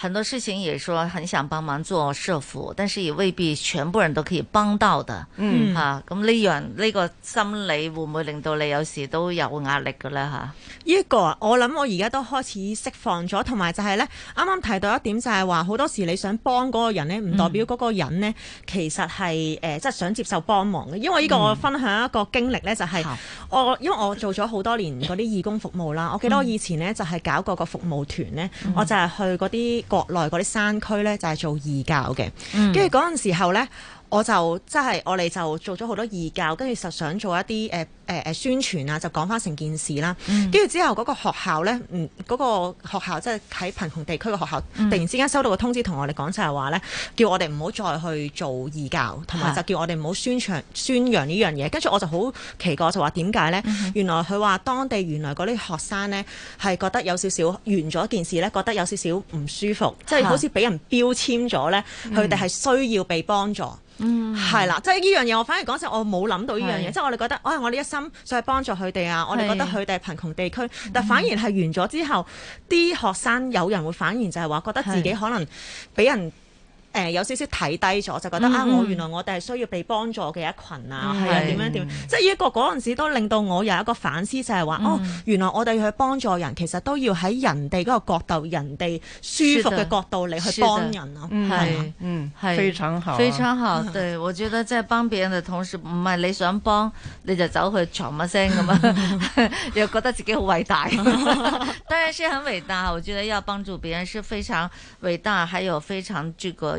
很多事情也說很想幫忙做社福，但是也未必全部人都可以幫到的。嗯，哈、啊，咁呢樣呢個心理會唔會令到你有時都有壓力噶呢？吓、這個，呢個我諗我而家都開始釋放咗，同埋就係咧，啱啱提到一點就係話，好多時你想幫嗰個人咧，唔代表嗰個人咧，嗯，其實係誒，即，呃，係，就是、想接受幫忙嘅。因為呢個我分享一個經歷咧，就是嗯，就係，是，我因為我做咗好多年嗰啲義工服務啦，嗯，我記得我以前咧就係搞過個服務團咧，嗯，我就係去嗰啲。國內嗰啲山區呢，就係做義教嘅，嗯，跟住嗰陣時候呢。我就即係、就是、我哋就做咗好多義教，跟住就想做一啲誒誒誒宣傳啊，就講返成件事啦。跟住、mm hmm. 之後嗰個學校呢，嗯，嗰、那個學校即係喺貧窮地區嘅學校，mm hmm. 突然之間收到個通知，同我哋講就係話呢，叫我哋唔好再去做義教，同埋就叫我哋唔好宣傳宣揚呢樣嘢。跟住我就好奇怪，就話點解呢？Mm hmm. 原來佢話當地原來嗰啲學生呢，係覺得有少少完咗件事呢，覺得有少少唔舒服，mm hmm. 即係好似俾人標籤咗呢，佢哋係需要被幫助。Mm hmm. mm hmm. 嗯，係啦，即係呢樣嘢，我反而講實，我冇諗到呢樣嘢。即係我哋覺得，哎、我係我呢一心想去幫助佢哋啊，我哋覺得佢哋係貧窮地區、嗯，但反而係完咗之後，啲學生有人會反而就係話，覺得自己可能俾人。誒、呃、有少少睇低咗，就覺得啊，我、嗯、原來我哋係需要被幫助嘅一群啊，係、嗯、點樣點、嗯、即係、這、一個嗰陣時都令到我有一個反思，就係、是、話、嗯、哦，原來我哋去幫助人，其實都要喺人哋嗰個角度、人哋舒服嘅角度嚟去幫人啊，係嗯，嗯，非常好，非常好，對，我覺得即係幫別人嘅同時，唔、嗯、係你想幫你就走去嘈一聲咁樣，又、嗯、 <laughs> <laughs> 覺得自己好偉大， <laughs> <laughs> 當然先很偉大，我覺得要幫助別人是非常偉大，還有非常這個。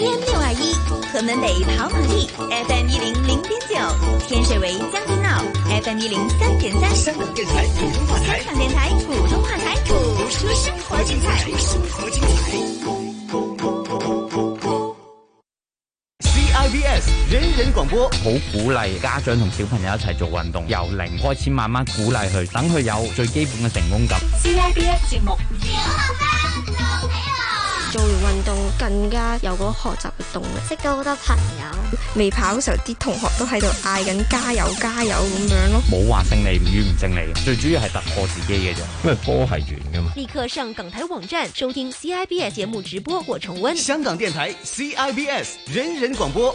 FM 六二一，何文田跑馬地，FM 一零零點九，天水圍將軍澳，FM 一零三點三。香港電台普通話台，播出生活精彩。CIBS 人人廣播好鼓勵家長同小朋友一齊做運動，由零開始慢慢鼓勵佢，等佢有最基本嘅成功感。CIBS 節目。做完運動更加有個學習嘅動力，識咗好多朋友。未跑嘅時候，啲同學都喺度嗌緊加油加油咁樣咯，冇話勝利不與唔勝利，最主要係突破自己嘅啫，因為波係圓嘅嘛。立刻上港台網站收聽 CIBS 節目直播或重溫香港電台 CIBS 人人廣播。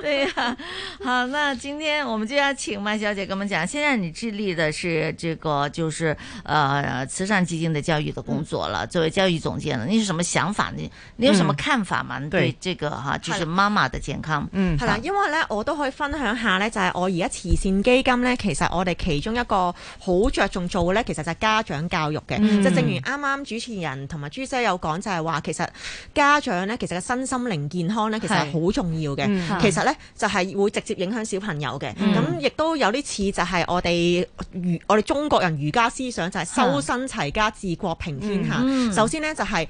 <laughs> 對呀、啊，好，那今天我們就要請麥小姐跟我們講。現在你致力的是這個，就是呃，慈善基金的教育的工作了。作為教育總監了，你有什麼想法呢？你有什麼看法嗎？嗯、對這個哈、啊，就是媽媽的健康。是嗯，係啦，因為呢，我都可以分享一下呢就係、是、我而家慈善基金呢，其實我哋其中一個好着重做嘅呢，其實就係家長教育嘅、嗯。就正如啱啱主持人同埋朱姐有講，就係話，其實家長呢，其實嘅身心靈健康呢，其實係好重要嘅、嗯。其實呢就係、是、會直接影響小朋友嘅，咁亦都有啲似就係我哋儒，我哋中國人儒家思想就係修身齊家、啊、治國平天下、嗯嗯。首先呢，就係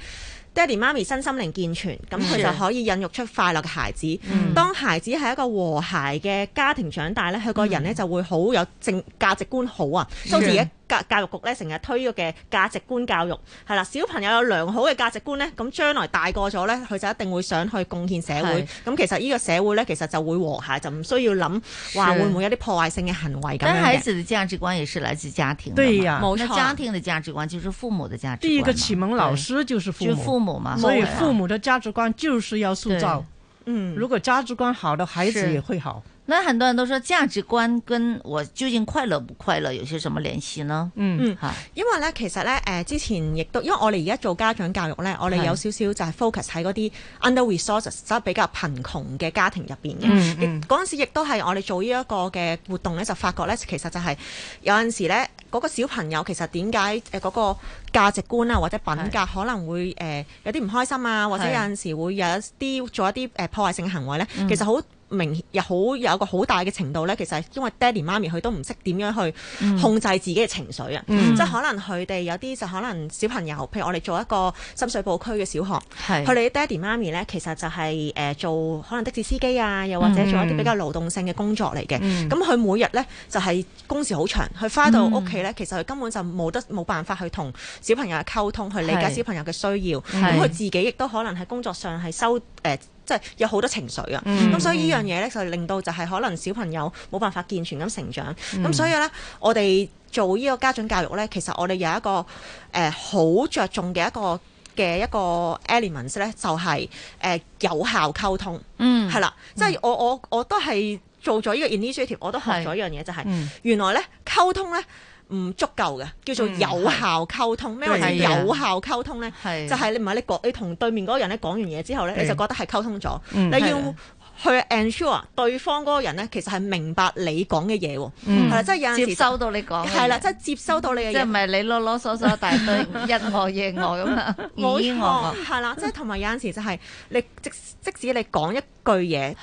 爹哋媽咪身心靈健全，咁、嗯、佢就可以孕育出快樂嘅孩子、嗯。當孩子喺一個和諧嘅家庭長大咧，佢、嗯、個人咧就會好有正價值觀好，好、嗯、啊，教教育局咧成日推嗰嘅價值觀教育，係啦，小朋友有良好嘅價值觀咧，咁將來大個咗咧，佢就一定會想去貢獻社會。咁其實呢個社會咧，其實就會和諧，就唔需要諗話會唔會有啲破壞性嘅行為咁樣嘅。孩子嘅價值觀也是嚟自家庭。對啊，冇錯。家庭嘅價值觀就是父母的價值觀。第一個啟蒙老師就是父母。就是、父母嘛，所以父母的價值觀就是要塑造。嗯，如果價值觀好的，咧孩子也會好。很多人都說價值觀跟我究竟快樂唔快樂有些什麼聯繫呢？嗯，因為咧，其實咧，誒、呃，之前亦都，因為我哋而家做家長教育咧，我哋有少少就係 focus 喺嗰啲 under resources，即係、就是、比較貧窮嘅家庭入邊嘅。嗰、嗯、陣、嗯、時亦都係我哋做呢一個嘅活動咧，就發覺咧，其實就係有陣時咧，嗰、那個小朋友其實點解誒嗰個價值觀啊或者品格可能會誒、呃、有啲唔開心啊，或者有陣時候會有一啲做一啲誒、呃、破壞性嘅行為咧，其實好嗯明有好有個好大嘅程度咧，其實因為爹哋媽咪佢都唔識點樣去控制自己嘅情緒啊、嗯嗯，即係可能佢哋有啲就可能小朋友，譬如我哋做一個深水埗區嘅小學，佢哋爹哋媽咪咧其實就係、是、誒、呃、做可能的士司機啊，又或者做一啲比較勞動性嘅工作嚟嘅，咁、嗯、佢、嗯、每日咧就係、是、工時好長，佢翻到屋企咧其實佢根本就冇得冇辦法去同小朋友去溝通，去理解小朋友嘅需要，咁佢自己亦都可能喺工作上係收誒。呃即係有好多情緒啊！咁所以呢樣嘢咧就令到就係可能小朋友冇辦法健全咁成長。咁、嗯嗯、所以咧，我哋做呢個家長教育咧，其實我哋有一個誒好、呃、着重嘅一個嘅一個 elements 咧、就係，就係誒有效溝通。嗯，係啦，即係、嗯、我我我都係做咗呢個 initiative，我都學咗一樣嘢是、嗯、就係原來咧溝通咧。唔足夠嘅，叫做有效溝通。咩、嗯、叫有效溝通咧？就係、是、你唔係你講，你同對面嗰個人咧講完嘢之後咧，你就覺得係溝通咗。你要去 ensure 對方嗰個人咧，其實係明白你講嘅嘢喎。係、嗯、啦，即係、就是、有陣時候、嗯、接收到你講係啦，即係、就是、接收到你嘅嘢。即係唔係你囉囉嗦嗦，大 <laughs> 堆對人我嘢我咁冇錯係啦，即係同埋有陣時就係你即即使你講一句嘢，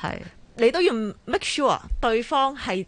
你都要 make sure 對方係。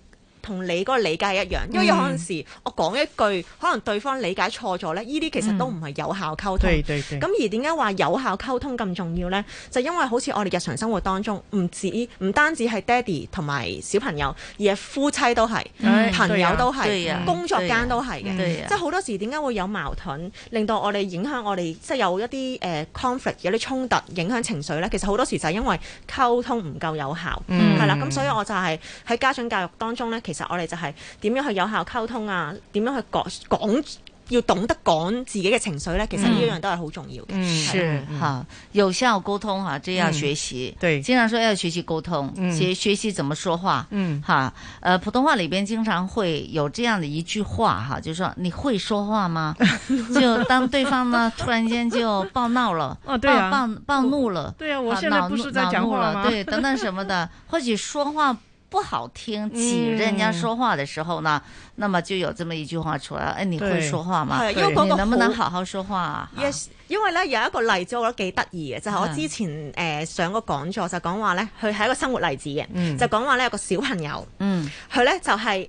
同你嗰個理解一樣，因為有陣時我講一句、嗯，可能對方理解錯咗咧，呢啲其實都唔係有效溝通。咁、嗯、而點解話有效溝通咁重要呢？就因為好似我哋日常生活當中，唔止唔單止係爹哋同埋小朋友，而係夫妻都係、嗯，朋友都係、嗯，工作間都係嘅、嗯。即係好多時點解會有矛盾，令到我哋影響我哋，即係有一啲、呃、conflict，有啲衝突，影響情緒呢。其實好多時就係因為溝通唔夠有效，係、嗯、啦。咁所以我就係喺家長教育當中呢。其實我哋就係點樣去有效溝通啊？點樣去講講？要懂得講自己嘅情緒呢，其實呢樣都係好重要嘅、嗯。是哈、嗯，有效溝通哈、啊，真要學習、嗯。對，經常說要學習溝通，學、嗯、學習怎麼說話。嗯，哈，誒、呃，普通話裏邊經常會有這樣的一句話，哈，就說你會說話嗎？ <laughs> 就當對方呢突然間就暴鬧了，哦、 <laughs> 啊啊，暴暴暴怒了，對啊，我現在不是在講話嗎？了對，等等什麼的，或者說話。不好聽，指人家說話的時候呢、嗯，那麼就有這麼一句話出來，誒、哎，你會說話嗎？因為嗰個？你能不能好好說話、啊？Yes, 因為咧有一個例子，我覺得幾得意嘅，就係、是、我之前誒、嗯呃、上個講座就講話咧，佢係一個生活例子嘅、嗯，就講話咧有一個小朋友，佢、嗯、咧就係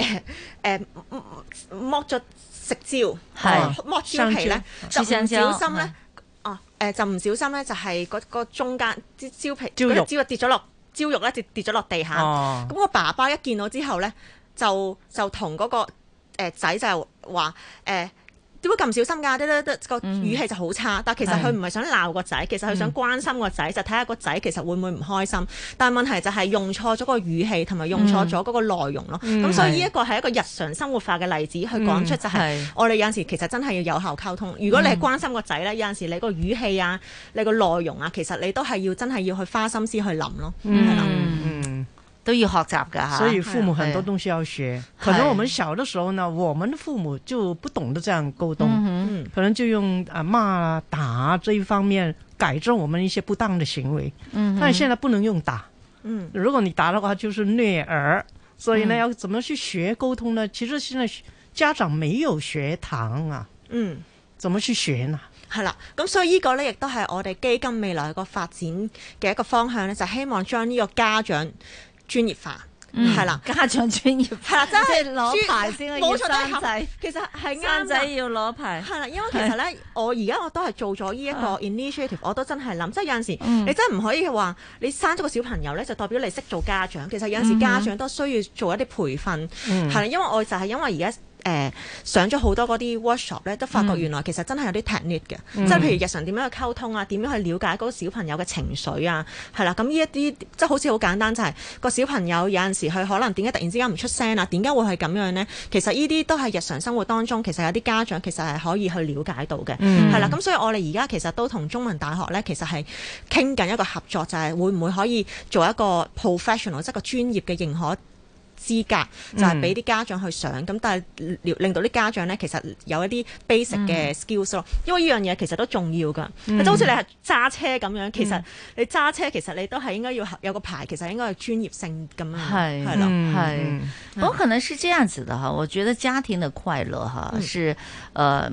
誒剝咗食蕉，剝、嗯、蕉皮咧就唔小心咧，哦、嗯，誒、啊呃、就唔小心咧就係、是、嗰個中間啲蕉皮蕉肉跌咗落，那個燒肉咧就跌咗落地下，咁、哦、個爸爸一見到之後咧，就就同嗰個誒、呃、仔就係話誒。呃點解咁小心㗎？啲咧啲個語氣就好差，但其實佢唔係想鬧個仔，其實佢想關心個仔，就睇下個仔其實會唔會唔開心。但問題就係用錯咗個語氣同埋用錯咗嗰個內容咯。咁所以呢一個係一個日常生活化嘅例子，去講出就係我哋有陣時其實真係要有效溝通。如果你係關心個仔呢，有陣時你個語氣啊、你個內容啊，其實你都係要真係要去花心思去諗咯。嗯嗯。都要學習噶，所以父母很多東西要學。可能我們小的時候呢，我們的父母就不懂得這樣溝通，可能就用啊罵啊打這一方面改正我們一些不當的行為。但係現在不能用打。如果你打的話，就是虐兒。所以呢，要怎麼去學溝通呢？其實現在家長沒有學堂啊。嗯，怎麼去學呢？係、嗯、啦，咁所以呢個呢，亦都係我哋基金未來的個發展嘅一個方向呢，就是，希望將呢個家長。專業化，係、嗯、啦，家長專業化，係啦，真係攞牌先。冇錯，生仔，其實係啱生仔要攞牌，係啦，因為其實咧，我而家我都係做咗呢一個 initiative，、啊、我都真係諗，即、就、係、是、有陣時，你真係唔可以話你生咗個小朋友咧，就代表你識做家長。其實有陣時家長都需要做一啲培訓，係、嗯、因為我就係因為而家。誒、呃、上咗好多嗰啲 workshop 咧，都發覺原來其實真係有啲 technique 嘅，即係譬如日常點樣去溝通啊，點樣去了解嗰個小朋友嘅情緒啊，係啦，咁呢一啲即係好似好簡單，就係、是、個小朋友有陣時佢可能點解突然之間唔出聲啊？點解會係咁樣呢？其實呢啲都係日常生活當中，其實有啲家長其實係可以去了解到嘅，係、嗯、啦。咁所以我哋而家其實都同中文大學呢，其實係傾緊一個合作，就係、是、會唔會可以做一個 professional，即係個專業嘅認可。資格就係俾啲家長去上咁、嗯，但係令到啲家長咧，其實有一啲 basic 嘅 skills 咯，因為呢樣嘢其實都重要噶、嗯，就好似你係揸車咁樣、嗯，其實你揸車其實你都係應該要有個牌，其實應該係專業性咁樣，係、嗯、咯，係。我、嗯嗯、可能是這樣子的哈、嗯，我覺得家庭的快樂哈是、嗯，呃。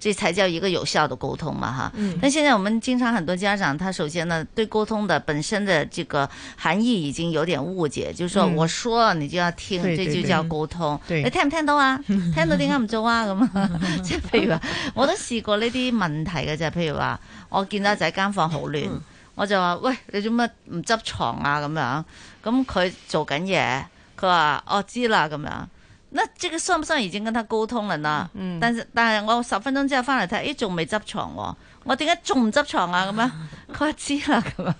這才叫一個有效的溝通嘛，哈。嗯。但現在我們經常很多家長，他首先呢，對溝通的本身的這個含義已經有點誤解，嗯、就是說我說你就要聽對對對，這就叫溝通。對對對。你聽唔聽到啊？ <laughs> 聽到點解唔做啊？咁啊，即係譬如話，我都試過呢啲問題嘅啫。譬如話，我見到仔間房好亂，嗯，我就話，喂，你做乜唔執床啊？咁樣。咁佢做緊嘢，佢話，我知啦，咁樣。那即係算唔算已經跟他溝通啦？嗯。但係但係我十分鐘之後翻嚟睇，咦仲未執床喎？我點解仲唔執床啊？咁樣、啊？ <laughs> 佢知啦，咁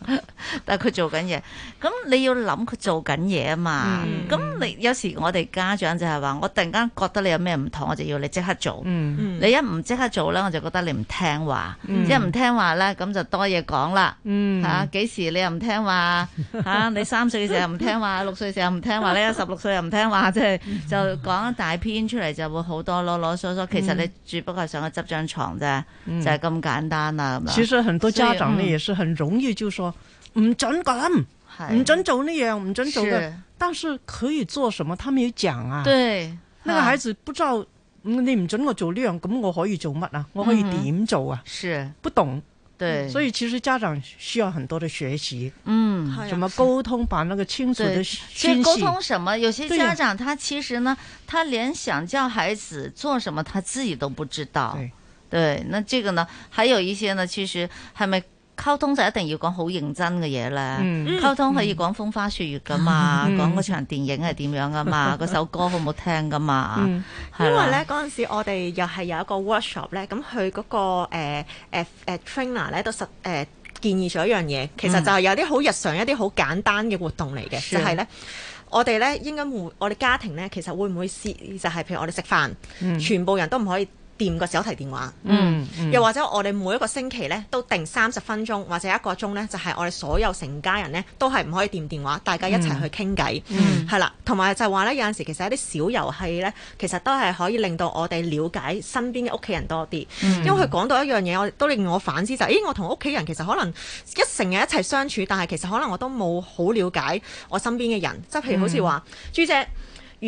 但係佢做緊嘢，咁你要諗佢做緊嘢啊嘛。咁、嗯、你有時我哋家長就係、是、話，我突然間覺得你有咩唔妥，我就要你即刻做。嗯、你一唔即刻做咧，我就覺得你唔聽話。一、嗯、唔聽話咧，咁就多嘢講啦。吓、嗯，幾、啊、時你又唔聽話？吓、嗯啊，你三歲嘅時候唔聽話， <laughs> 六歲嘅時候唔聽話咧，你十六歲又唔聽話，即係、嗯、就講、是、一大篇出嚟，就會好多囉囉嗦嗦。其實你只不過想佢執張床啫、嗯，就係、是、咁簡單啦。咁樣。其實很多家長呢是很容易就說，唔准咁，唔准做呢樣，唔准做噶。但是可以做什麼？他沒有講啊。對，那個孩子不知道，啊嗯、你唔准我做呢、這、樣、個，咁我可以做乜啊、嗯？我可以點做啊？是不懂。對、嗯，所以其實家長需要很多的學習，嗯，什麼溝通，嗯、把那個清楚的訊息。學習溝通什麼？有些家長他其實呢，啊、他連想叫孩子做什麼，他自己都不知道對。對，那這個呢，還有一些呢，其實還沒。溝通就一定要講好認真嘅嘢啦，溝通可以講風花雪月噶嘛，講、嗯、嗰場電影係點樣噶嘛，嗰、嗯、首歌好唔好聽噶嘛、嗯的。因為咧嗰陣時我哋又係有一個 workshop 咧、那個，咁佢嗰個誒誒 trainer 咧，呃、都時誒建議咗一樣嘢，其實就係有啲好日常、一啲好簡單嘅活動嚟嘅、嗯，就係、是、咧我哋咧應該會，我哋家庭咧其實會唔會試？就係、是、譬如我哋食飯、嗯，全部人都唔可以掂個手提電話，嗯，嗯，又或者我哋每一個星期呢都定三十分鐘或者一個鐘呢就係、是、我哋所有成家人呢都係唔可以掂電話，大家一齊去傾偈，係、嗯、啦。同、嗯、埋就係話呢有陣時其實一啲小遊戲呢，其實都係可以令到我哋了解身邊嘅屋企人多啲、嗯。因為佢講到一樣嘢，我都令我反思就係、是嗯，咦，我同屋企人其實可能一成日一齊相處，但係其實可能我都冇好了解我身邊嘅人。即係譬如好似話，朱、嗯、姐，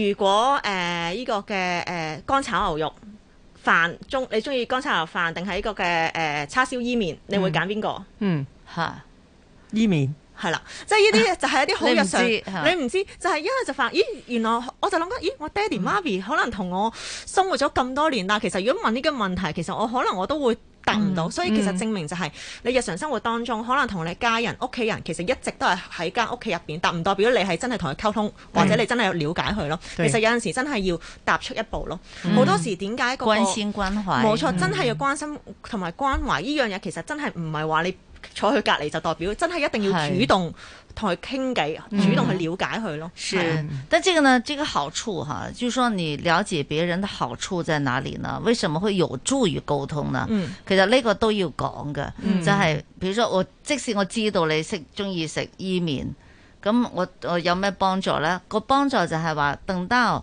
如果誒呢、呃這個嘅誒、呃、乾炒牛肉飯中，你鍾意乾炒牛飯定係呢個嘅、呃、叉燒伊麵？你會揀邊個？嗯，嚇、嗯，伊麵。係啦，即係呢啲嘢就係一啲好日常。啊、你唔知，你知就係因為就發，咦？原來我就諗緊，咦？我爹哋媽咪可能同我生活咗咁多年，但係其實如果問呢啲問題，其實我可能我都會答唔到。嗯、所以其實證明就係、是嗯、你日常生活當中，可能同你家人、屋企人其實一直都係喺間屋企入邊，但唔代表你係真係同佢溝通，或者你真係要了解佢咯。對其實有陣時真係要踏出一步咯。好對、嗯、多時點解一個關心關懷冇錯，真係要關心同埋關懷呢樣嘢，嗯、其實真係唔係話你。坐佢隔離就代表真係一定要主動同佢傾偈，主動去了解佢咯、嗯。但係呢個呢，呢、呢個好處、啊、就是、說你了解別人的好處在哪裏呢？為什麼會有助於溝通呢？嗯、其實呢個都要講嘅、嗯，就係、是，譬如說我即使我知道你識中意食伊麵，咁我我有咩幫助呢？個幫助就係話，等到。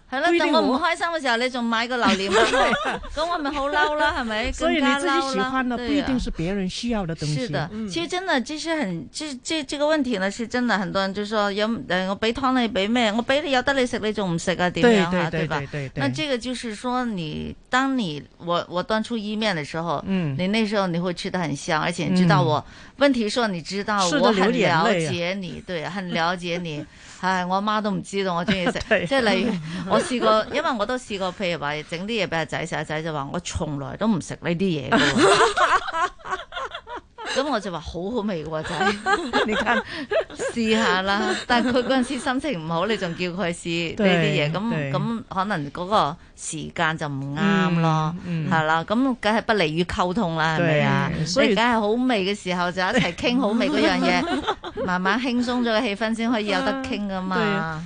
係啦，我等我唔開心嘅時候，你仲買個榴蓮，咁 <laughs> 我咪好嬲啦，係 <laughs> 咪？更加嬲啦，所以你自己喜歡嘅不一定是別人需要的東西，啊。是的，其實真的，這些很，這這這個問題呢，是真的，很多人就說，有、嗯、誒、呃，我俾湯你，俾咩？我俾你有得你食，你仲唔食啊？點樣啊？對，對，對，對，對，對，對吧？那這個就是說你，你當你我我端出意麵的時候，嗯，你那時候你會吃得很香，而且你知道我。嗯問題是，你知道我很了解你，啊、對，很了解你。 <laughs> 唉，我媽都唔知道我中意食， <laughs> 即係例如，我試過， <laughs> 因為我都試過，譬如話整啲嘢俾阿仔食，阿仔就話我從來都唔食呢啲嘢喎。 <laughs> <laughs> 咁 <laughs> 我就話好好味喎，就係 <laughs> 你試看 <laughs> 下啦。但係佢嗰陣時心情唔好，你仲叫佢試呢啲嘢，咁咁可能嗰個時間就唔啱咯，係、嗯、啦。咁梗係不利於溝通啦，係咪啊？所以梗係好味嘅時候就一齊傾好味嗰樣嘢，慢慢輕鬆咗個氣氛先可以有得傾噶嘛。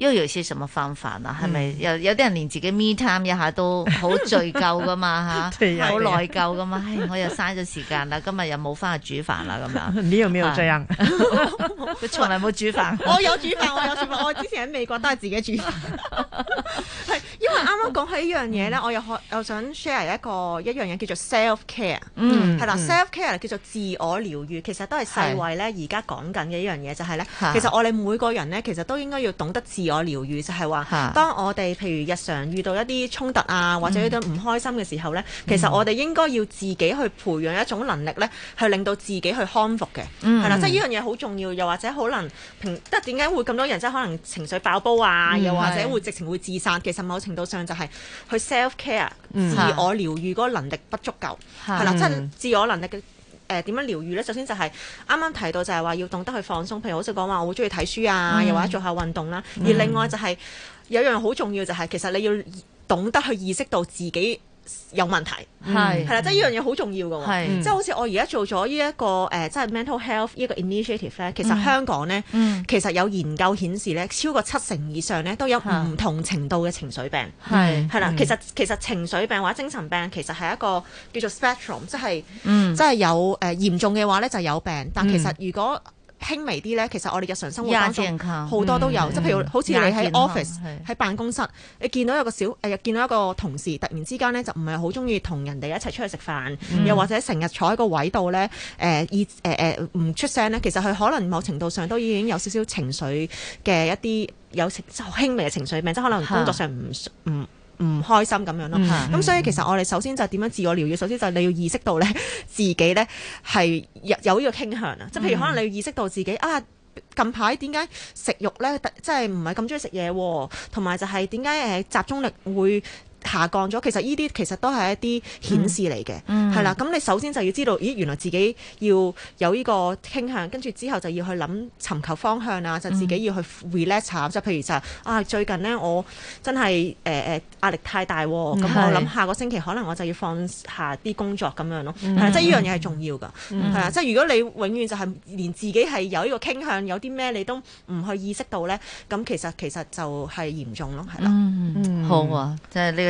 因為有些什麼方法啦、啊？係、嗯、咪有有啲人連自己 me time 一下都好罪疚噶嘛嚇，好、 <laughs> 啊、內疚噶嘛？我又嘥咗時間啦，今日又冇翻去煮飯啦咁樣。你有冇這樣？佢 <laughs> <laughs> 從來冇煮飯。 <laughs> 我有煮飯，我有煮飯。 <laughs> 我之前喺美國都係自己煮飯。係， <laughs> 因為啱啱講起呢樣嘢咧，我又想 share 一個一樣嘢叫做 self care。嗯。係啦、嗯、self care 叫做自我療愈，其實都係世衛咧而家講緊嘅一樣嘢就係咧，其實我哋每個人咧，其實都應該要懂得自。自我療愈就係、是、話，當我哋譬如日常遇到一啲衝突啊，或者一啲唔開心嘅時候呢、嗯，其實我哋應該要自己去培養一種能力呢，去令到自己去康復嘅，係、嗯、啦，即係呢樣嘢好重要。又或者可能平，即係點解會咁多人即係可能情緒爆煲啊、嗯，又或者會直情會自殺，其實某程度上就係去 self care 自我療愈嗰個能力不足夠，係、嗯、啦、嗯，即係自我能力嘅。誒、呃、點樣療愈呢？首先就係啱啱提到就係話要懂得去放鬆，譬如好似講話我好鍾意睇書啊、嗯，又或者做下運動啦、啊。而另外就係、是嗯、有一樣好重要就係、是、其實你要懂得去意識到自己。有問題係係啦，即係呢樣嘢好重要噶，即係、嗯、即係好似我而家做咗呢一個誒、即係、呃、即係 mental health 呢個 initiative 咧。其實香港咧、嗯，其實有研究顯示咧，超過七成以上咧都有唔同程度嘅情緒病係係啦。其實其實情緒病或者精神病其實係一個叫做 spectrum，即係即係有誒呃，嚴重嘅話咧就有病，但其實如果。輕微啲咧，其實我哋日常生活當中好多都有，即係譬如好似你喺 office 喺辦公室，你見到有個小誒、呃，見到一個同事突然之間咧就唔係好中意同人哋一齊出去食飯、嗯，又或者成日坐喺個位度咧唔出聲咧，其實佢可能某程度上都已經有少少情緒嘅一啲有情輕微嘅情緒病，即可能工作上唔唔。唔開心咁樣咯，咁、嗯、所以其實我哋首先就點樣自我療愈、嗯嗯？首先就係你要意識到咧，自己咧係有有呢個傾向啊，即、嗯、係譬如可能你要意識到自己啊，近排點解食肉咧即係唔係咁中意食嘢，同埋、啊、就係點解誒集中力會下降咗，其實呢啲其實都係一啲顯示嚟嘅，係、嗯、啦。咁、嗯、你首先就要知道，咦，原來自己要有呢個傾向，跟住之後就要去諗尋求方向啊，就自己要去 relax，即係譬如就啊，最近呢我真係誒誒壓力太大，咁我諗下個星期可能我就要放下啲工作咁樣咯，係、嗯、啊，即係呢樣嘢係重要㗎，係、嗯、啊，即係、嗯、如果你永遠就係連自己係有呢個傾向有啲咩你都唔去意識到呢，咁其實其實就係嚴重咯，係啦、嗯。好啊，即係呢。即係呢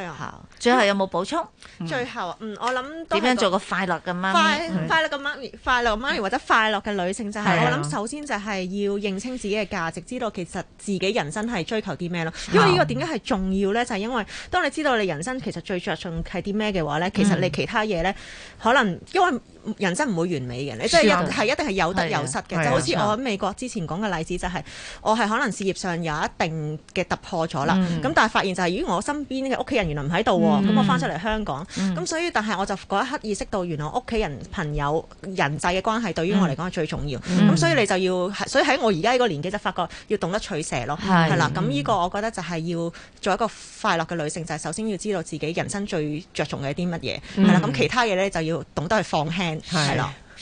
啊、最後有冇補充、嗯？最後，嗯，我諗點樣做個快樂嘅媽咪、嗯？快樂嘅媽咪，快樂嘅媽咪或者快樂嘅女性就係、係啊、我諗，首先就係要認清自己嘅價值，知道其實自己人生係追求啲咩咯。因為呢個點解係重要咧，就係、係、因為當你知道你人生其實最着重係啲咩嘅話咧，其實你其他嘢咧，可能因為人生唔會完美嘅，你即係係一定係有得有失嘅、啊啊。就好似我喺美國之前講嘅例子，就係、係、我係可能事業上有一定嘅突破咗啦，咁、嗯、但係發現就係如果我身邊嘅屋企人。原來唔喺度，咁、嗯、我返出嚟香港，咁、嗯、所以但係我就嗰一刻意識到，原來屋企人、朋友、人際嘅關係對於我嚟講係最重要。咁、嗯、所以你就要，所以喺我而家呢個年紀就發覺要懂得取捨咯，係啦。咁呢個我覺得就係要做一個快樂嘅女性，就係、首先要知道自己人生最着重嘅啲乜嘢，係、嗯、啦。咁其他嘢咧就要懂得去放輕，係啦。